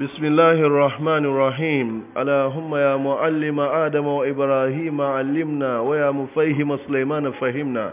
بسم الله الرحمن الرحيم اللهم يا معلم آدم وإبراهيم علمنا ويا مفهم سليمان فهمنا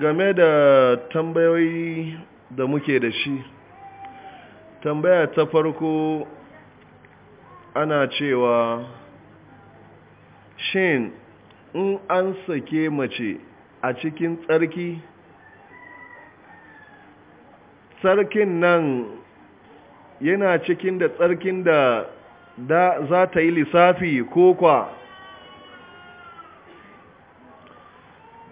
game da tambayoyi da muke da shi tambaya ta farko ana cewa shin in an sake mace a cikin tsarki tsarkin nan yana cikin da tsarkin da za ta yi lissafi ko kwa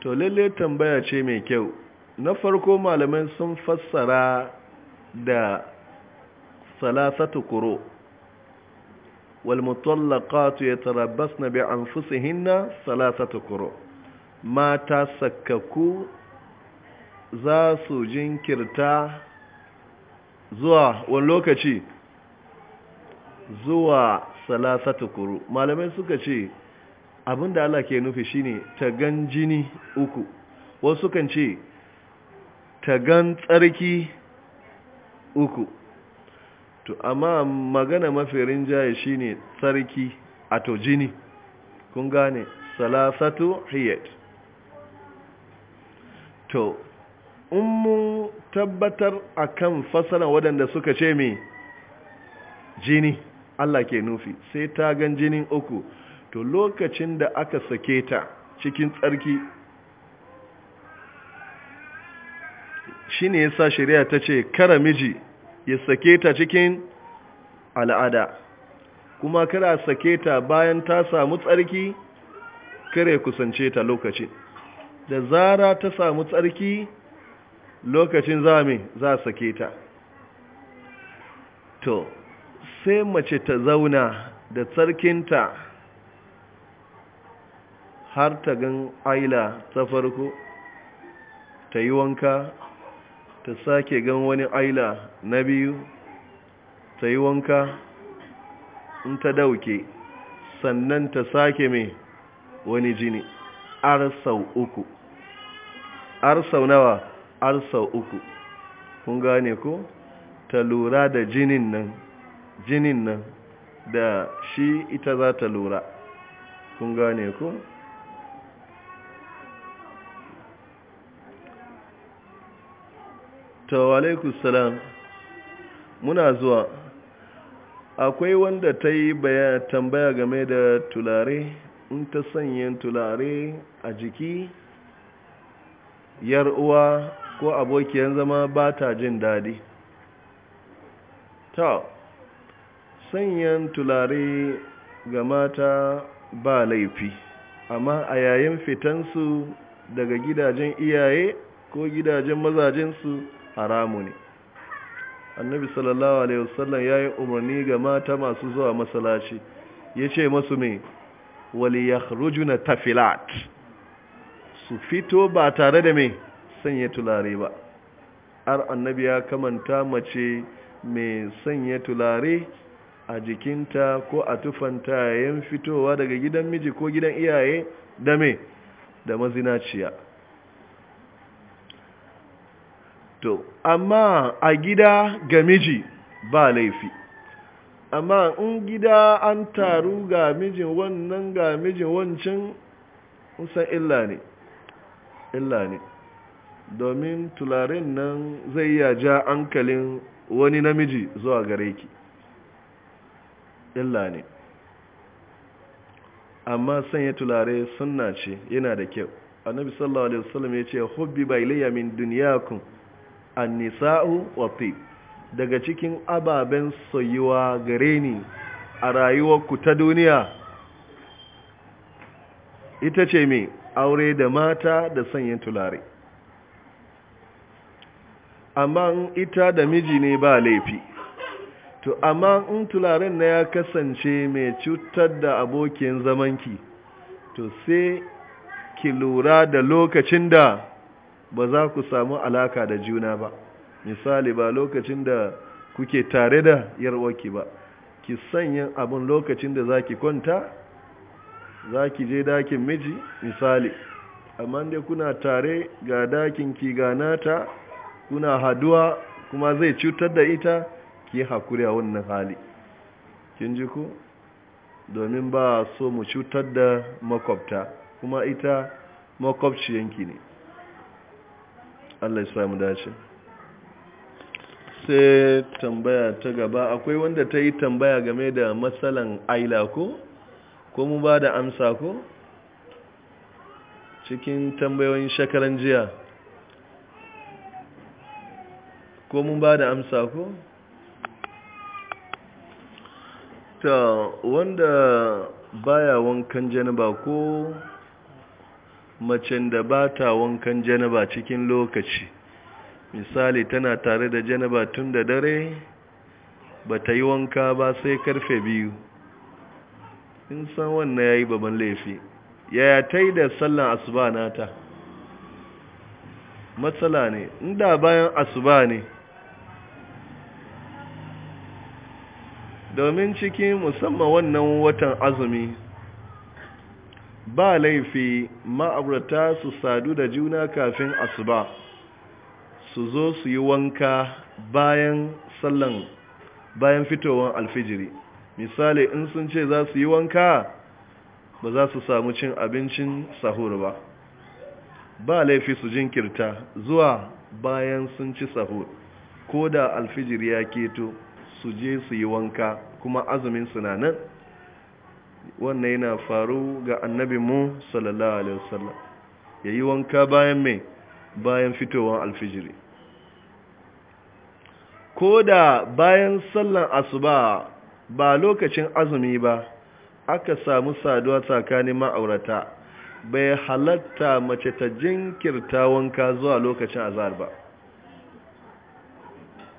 to tambaya ce mai kyau na farko malamai sun fassara da salasatu kuro ya walmutallaqatu na bi hinna salasatu kuro mata sakkaku za su jinkirta zuwa wani lokaci zuwa salasatu kuru malamai suka ce abinda Allah ke nufi shine tagan jini uku wasu kan ce tagan tsarki uku to amma magana mafi rinjaye shine tsarki a to jini kun gane salasatu hiyat to in mun tabbatar a kan fasara waɗanda suka ce mai jini Allah ke nufi sai ta gan jinin uku to lokacin da aka sake ta cikin tsarki shi ne ya sa shari'a ta ce kara miji ya sake ta cikin al'ada kuma kara sake ta bayan ta samu tsarki kare kusance ta lokaci da zara ta samu tsarki lokacin za mai za sake ta to sai mace ta zauna da tsarkinta har ta gan aila ta farko ta yi wanka ta sake gan wani aila na biyu ta yi wanka in ta dauke sannan ta sake mai wani jini arsau uku arsau nawa har sau uku kun gane ko ta lura da jinin nan jinin nan da shi ita za ta lura kun gane ko tawalaikus salam muna zuwa akwai wanda ta yi tambaya game da tulare in ta sanya tulare a jiki yar uwa ko abokiyar zama ba ta jin daɗi ta sanyan tulare ga mata ba laifi amma a yayin fitansu daga gidajen iyaye ko gidajen mazajensu haramu ne annabi sallallahu alaihi wasallam ya yi umarni ga mata masu zuwa masalaci ya ce masu mai waliyar ya na tafilat su fito ba tare da mai sanya tulare ba har annabi ya kamanta mace mai sanya tulare a jikinta ko a tufanta yayin fitowa daga gidan miji ko gidan iyaye da me da mazinaciya to amma a gida ga miji ba laifi amma in gida an taru ga mijin wannan ga mijin wancan kusan illa ne illa ne domin tularin nan zai ya ja ankalin wani namiji zuwa gare ki illa ne amma sanya tulare sunna ce yana da kyau annabi sallallahu alaihi wasallam ya ce hubbi bailayya min dunyakum annisa'u wa tib daga cikin ababen soyuwa gare ni a rayuwarku ta duniya ita ce me aure da mata da sanya tulare amma ita da miji ne ba laifi to amma in tularen na ya kasance mai cutar da abokin zamanki to sai ki lura da lokacin da ba za ku samu alaka da juna ba misali ba lokacin da kuke tare da yarwaki ba ki sanya abin lokacin da za ki kwanta za ki je dakin miji misali amma dai kuna tare ga dakin ki ga nata kuna haduwa kuma zai cutar da ita ki hakuri a wannan hali kin ji ku domin ba so mu cutar da makwabta kuma ita makwabciyanki ne Allah ya samu dace sai tambaya ta gaba akwai wanda ta yi tambaya game da matsalan aila ko ko mu ba da amsa ko cikin tambayoyin shakaran jiya ko mun ba da amsa ko? ta wanda baya wankan janaba ko macen da ba ta wankan janaba cikin lokaci misali tana tare da janaba tun da dare ba ta yi wanka ba sai karfe biyu in san wannan ya yi baban laifi yaya ta yi da sallan asuba nata matsala ne inda bayan asuba ne domin ciki musamman wannan watan azumi ba laifi ma'aurata su sadu da juna kafin asuba su zo su yi wanka bayan sallan bayan fitowar alfijiri misali in sun ce za su yi wanka ba za su samu cin abincin sahur ba ba laifi su jinkirta zuwa bayan sun ci sahur ko da alfijiri ya keto su je su yi wanka kuma azumin sunanan wannan yana faru ga annabi mu sallallahu alaihi wasallam ya wanka bayan mai bayan fitowar alfijiri ko da bayan sallan asuba ba lokacin azumi ba aka samu saduwa tsakanin ma'aurata bai halatta mace ta jinkirta wanka zuwa lokacin azar ba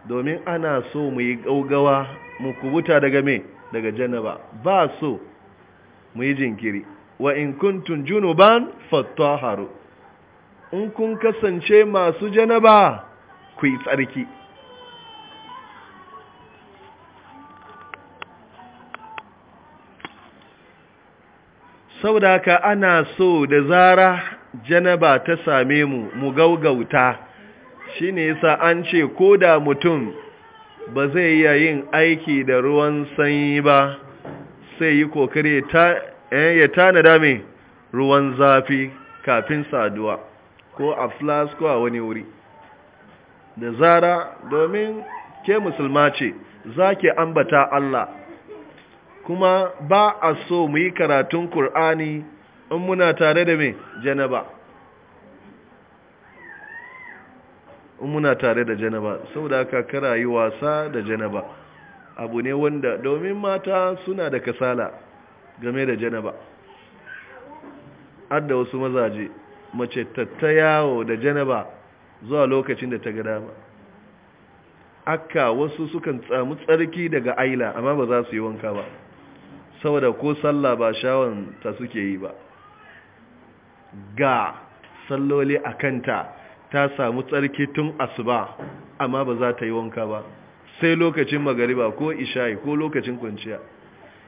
domin ana so mu yi gaugawa mu kubuta daga me daga janaba ba so mu yi jinkiri wa in kuntun junuban fattaharu in kun kasance masu janaba ku yi tsarki saboda ka ana so da zara janaba ta same mu mu gaugauta shi ne yasa an ce ko da mutum ba zai iya yin aiki da ruwan sanyi ba sai yi kokari ya eh, tanada mai ruwan zafi kafin saduwa ko a flask a wani wuri da zara domin ke musulma ce za ke ambata Allah kuma ba a so mu yi karatun Kur'ani in muna tare da mai janaba muna tare da janaba saboda aka kara yi wasa da janaba abu ne wanda domin mata suna da kasala game da janaba adda wasu mazaje mace tatta yawo da janaba zuwa lokacin da ta ga dama aka wasu sukan tsamu tsarki daga aila amma ba za su yi wanka ba saboda ko sallah ba shawon ta suke yi ba ga salloli a kanta ta samu tsarki tun asuba amma ba za ta yi wanka ba sai lokacin magariba ko isha'i ko lokacin kwanciya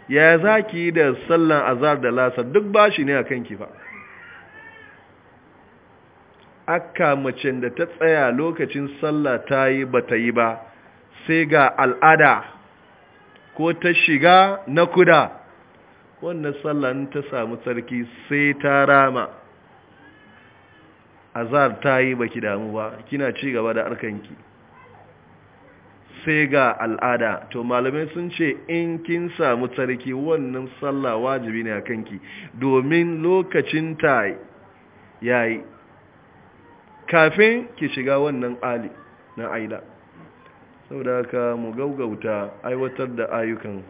ya za ki yi da sallan azar da lasar duk bashi ne a kanki ba aka macen da ta tsaya lokacin sallah ta yi ba ta yi ba sai ga al'ada ko ta shiga na kuda wannan sallan ta samu tsarki sai ta rama azar ta yi baki damu ba kina ci gaba da arkanki sai ga al'ada to malamai sun ce in kin samu tsarki wannan sallah wajibi ne a kanki domin lokacin ta yayi kafin ki shiga wannan ali na aida saboda haka mu gaugauta aiwatar da ayyukan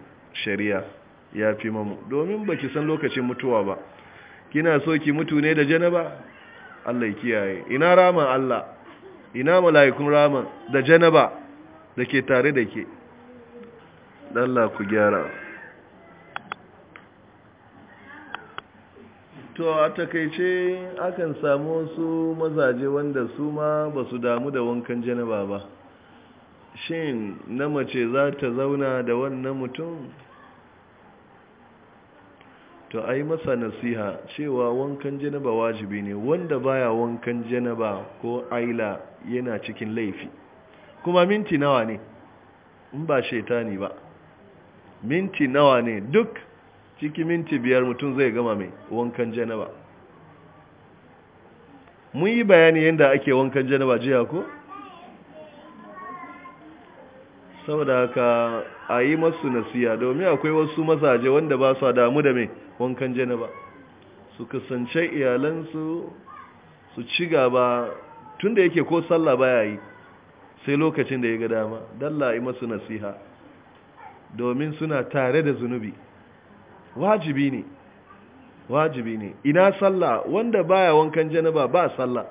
shari'a ya fi mamu domin baki san lokacin mutuwa ba kina so ki mutu ne da janaba Allah ya kiyaye ina raman Allah ina mala'ikun raman da janaba da ke tare da ke Allah ku gyara to a takaice akan samu wasu mazaje wanda su ma ba su damu da wankan janaba ba shin na mace za ta zauna da wannan mutum to a yi masa nasiha cewa wankan janaba wajibi ne wanda baya wankan janaba ko aila yana cikin laifi kuma minti nawa ne in ba shaitani ba minti nawa ne duk ciki minti biyar mutum zai gama mai wankan janaba mun yi bayani yadda ake wankan janaba jiya ko? saboda haka a yi masu nasiya domin akwai wasu mazaje wanda ba su damu da mai wankan janaba su kasance iyalansu su ci gaba tun da yake ko sallah baya yi sai lokacin da ya ga dama dalla yi masu nasiha domin suna tare da zunubi wajibi ne wajibi ne ina sallah wanda baya wankan janaba ba sallah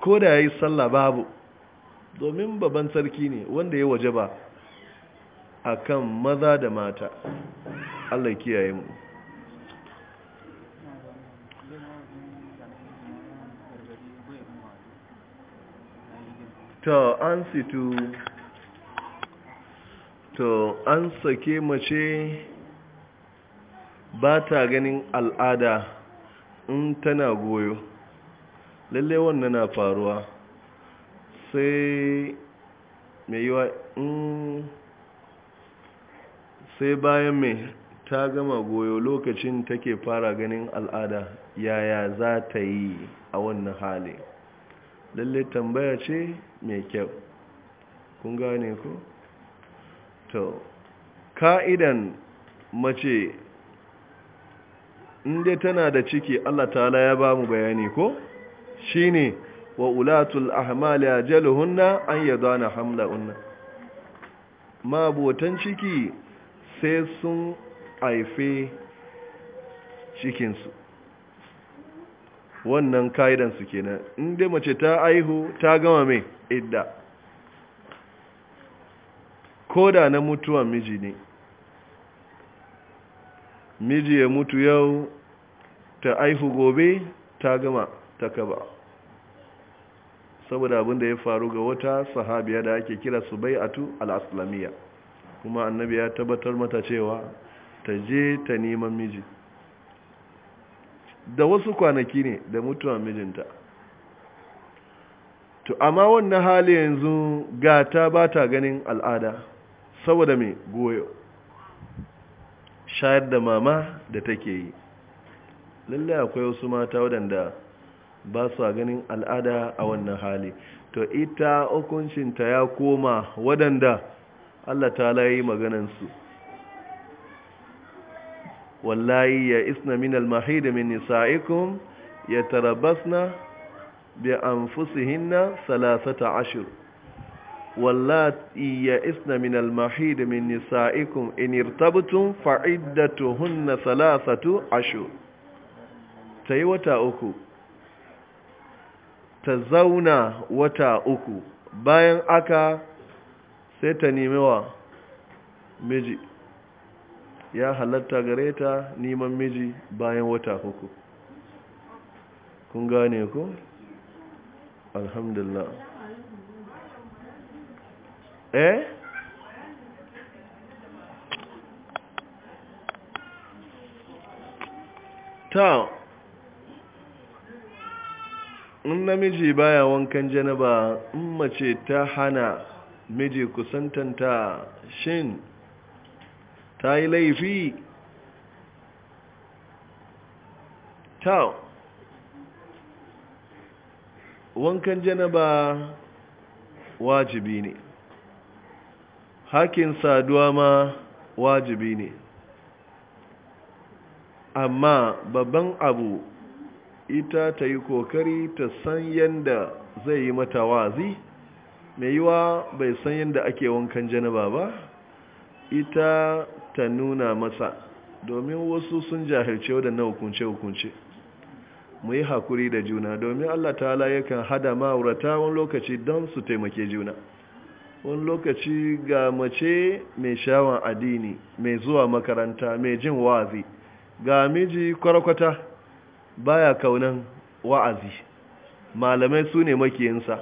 ko da yi sallah babu domin babban sarki ne wanda ya waje ba akan maza da mata Allah kiyaye mu to an situ to an sake mace ba ta ganin al'ada in tana goyo lalle wannan na faruwa sai mai yiwa in sai bayan mai ta gama goyo lokacin take fara ganin al'ada yaya za ta yi a wannan hali lalle tambaya ce mai kyau kun gane ku. to ka'idan mace inda tana da ciki Allah ta'ala ya ba mu bayani ko shine wa ulatul ahmali ajaluhunna an yadana unna ma botan ciki sai sun haife cikinsu wannan ka'idansu kenan inda mace ta aihu ta gama mai idda ko da na mutuwan miji ne miji ya mutu yau ta aihu gobe ta gama ta kaba saboda abinda ya faru ga wata sahabiya da ake kira subai atu al-aslamiyya kuma annabi ya tabbatar mata cewa ta je ta neman miji da wasu kwanaki ne da mutuwa mijinta to amma wannan hali yanzu ga ta ba ta ganin al'ada saboda mai goyo shayar da mama da take yi lalle akwai wasu mata waɗanda ba su ganin al'ada a wannan hali to ita hukuncinta ya koma waɗanda Allah ta layi maganansu wallahi ya isna min al-mahid min nisa'ikum yatarabbasna bi anfusihinna salasata ashur wallati ya isna min al-mahid min nisa'ikum in irtabtum fa'iddatuhunna salasatu ashur tayi wata uku ta zauna wata uku bayan aka sai ta nemi wa miji ya halatta gare ta neman miji bayan wata uku kun gane ku alhamdulillah eh ta in namiji baya wankan janaba in mace ta hana miji kusantanta shin ta yi laifi ta wankan janaba wajibi ne hakin saduwa ma wajibi ne amma babban abu ita ta yi kokari ta san yadda zai yi mata wazi mai yiwa bai san yadda ake wankan janaba ba ita ta nuna masa domin wasu sun jahilce waɗannan hukunce-hukunce mu yi haƙuri da juna domin allah ta'ala yakan hada ma'aurata wani lokaci don su taimake juna wani lokaci ga mace mai shawon addini mai zuwa makaranta mai jin wa'azi ga miji kwarakwata baya kaunan wa'azi malamai su ne makiyinsa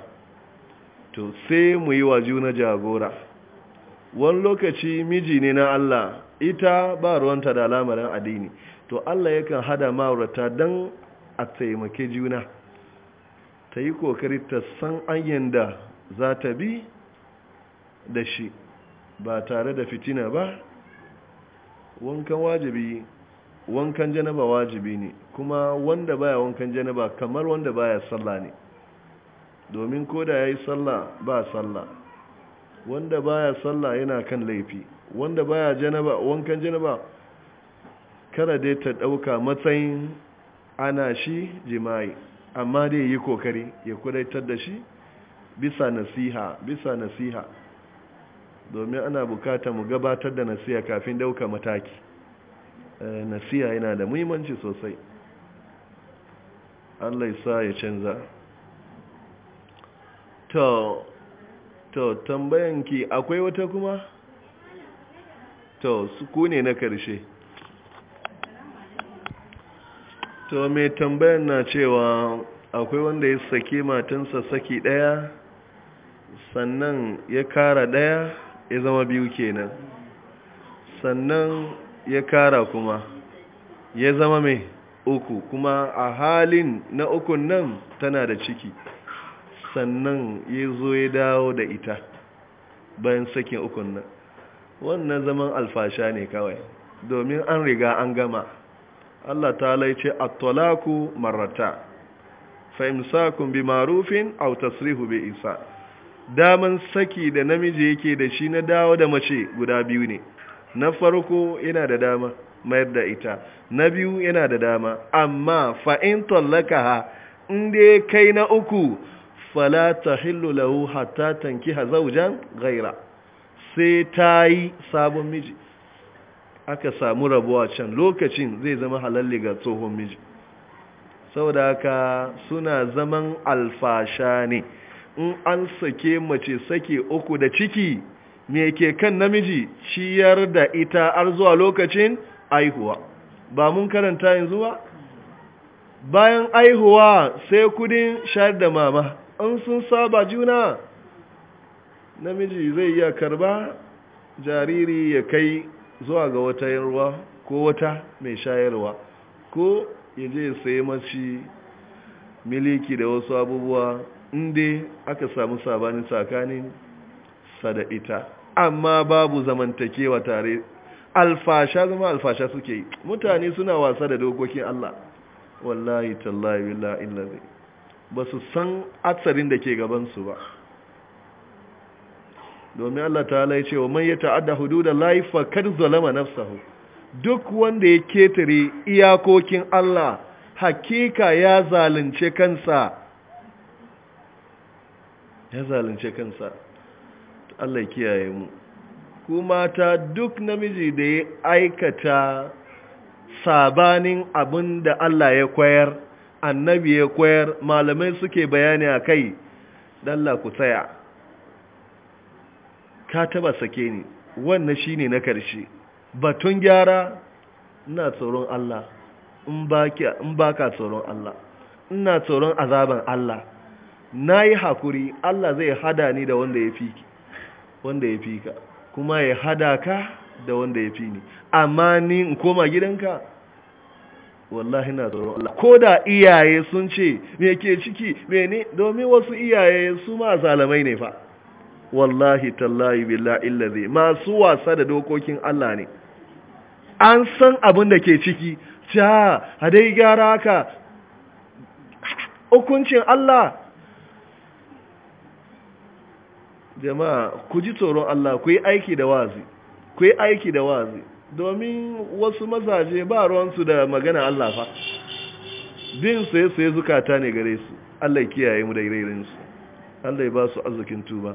to sai mu yi wa juna jagora wani lokaci miji ne na Allah ita ba ruwanta da lamarin addini to Allah yakan hada ma'aurata don a taimake juna ta yi kokari ta san anyan da za ta bi da shi ba tare da fitina ba wankan wajibi wankan janaba wajibi ne kuma wanda baya wankan janaba kamar wanda baya sallah ne domin ko da ya yi sallah ba sallah wanda baya sallah yana kan laifi wanda baya janaba wankan janaba kada dai ta ɗauka matsayin ana shi jima'i amma dai yi kokari ya kudaitar da shi bisa nasiha bisa nasiha domin ana bukata mu gabatar da nasiha kafin dauka mataki eh, nasiha yana da muhimmanci sosai Allah yasa ya canza to to ki akwai wata kuma to su ku ne na karshe to me tambayan na cewa akwai wanda ya sake matansa saki daya sannan ya kara daya ya zama biyu kenan sannan ya kara kuma ya zama mai uku kuma a halin na ukun nan tana da ciki sannan ya zo ya dawo da ita bayan sakin ukun nan wannan zaman alfasha ne kawai domin an riga an gama Allah ta laice at-talaku marrata fa bi ma'rufin a tasrihu bi isa daman saki da namiji yake da shi na dawo da mace guda biyu ne na farko yana da dama mayar da ita na biyu yana da dama amma fain in ha, in dai kai na uku fala ta hillu lahu hatta tanki hazaujan gaira sai ta yi sabon miji aka samu rabuwa can lokacin zai zama halalli ga tsohon miji saboda haka suna zaman alfasha ne in an sake mace sake uku da ciki me ke kan namiji ciyar da ita har zuwa lokacin aihuwa ba mun karanta yanzu ba bayan aihuwa sai kudin shayar da mama an sun saba juna namiji zai iya karba jariri ya kai zuwa ga wata yarwa ko wata mai shayarwa ko ya je sai mashi miliki da wasu abubuwa inda aka samu sabanin tsakanin da ita amma babu zamantakewa tare alfasha zama alfasha suke yi mutane suna wasa da dokokin Allah wallahi tallahi billahi illazi ba su san atsarin da ke gabansu ba domin Allah ta halaye cewa man ya ta'adda hududa laifa kar zalama nafsahu duk wanda ya ketare iyakokin Allah hakika ya zalunce kansa ya zalunce kansa Allah kiyaye mu kuma ta duk namiji da ya aikata sabanin abin da Allah ya kwayar. annabi ya koyar malamai suke bayani a kai dalla ku tsaya ka taba sake ni wannan shi ne na karshe batun gyara ina tsoron Allah in ba ka tsoron Allah ina tsoron azaban Allah na yi hakuri Allah zai hada ni da wanda ya fi wanda ya fi ka kuma ya hada ka da wanda ya fi ni amma ni in koma gidanka wallahi na tsoron Allah ko da iyaye sun ce me ke ciki Me ne domin wasu iyaye su ma zalamai ne fa wallahi tallahi billahi illazi masu wasa da dokokin Allah ne an san abin da ke ciki ta hadai gyara ka hukuncin Allah jama'a ku ji tsoron Allah ku yi aiki da wazi ku yi aiki da wazi domin wasu mazaje ba ruwansu da magana Allah fa bin sai sai zukata ne gare su Allah ya kiyaye mu da su. Allah ya ba su arzikin tuba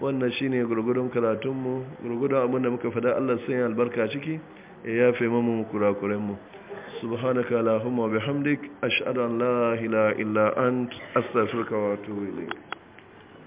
wannan shine gurgurun karatunmu gurgurun abin da muka fada Allah sai albarka ciki ya yafe mu kurakuren mu subhanaka allahumma wa bihamdik ashhadu an la ilaha illa ant astaghfiruka wa atubu ilayk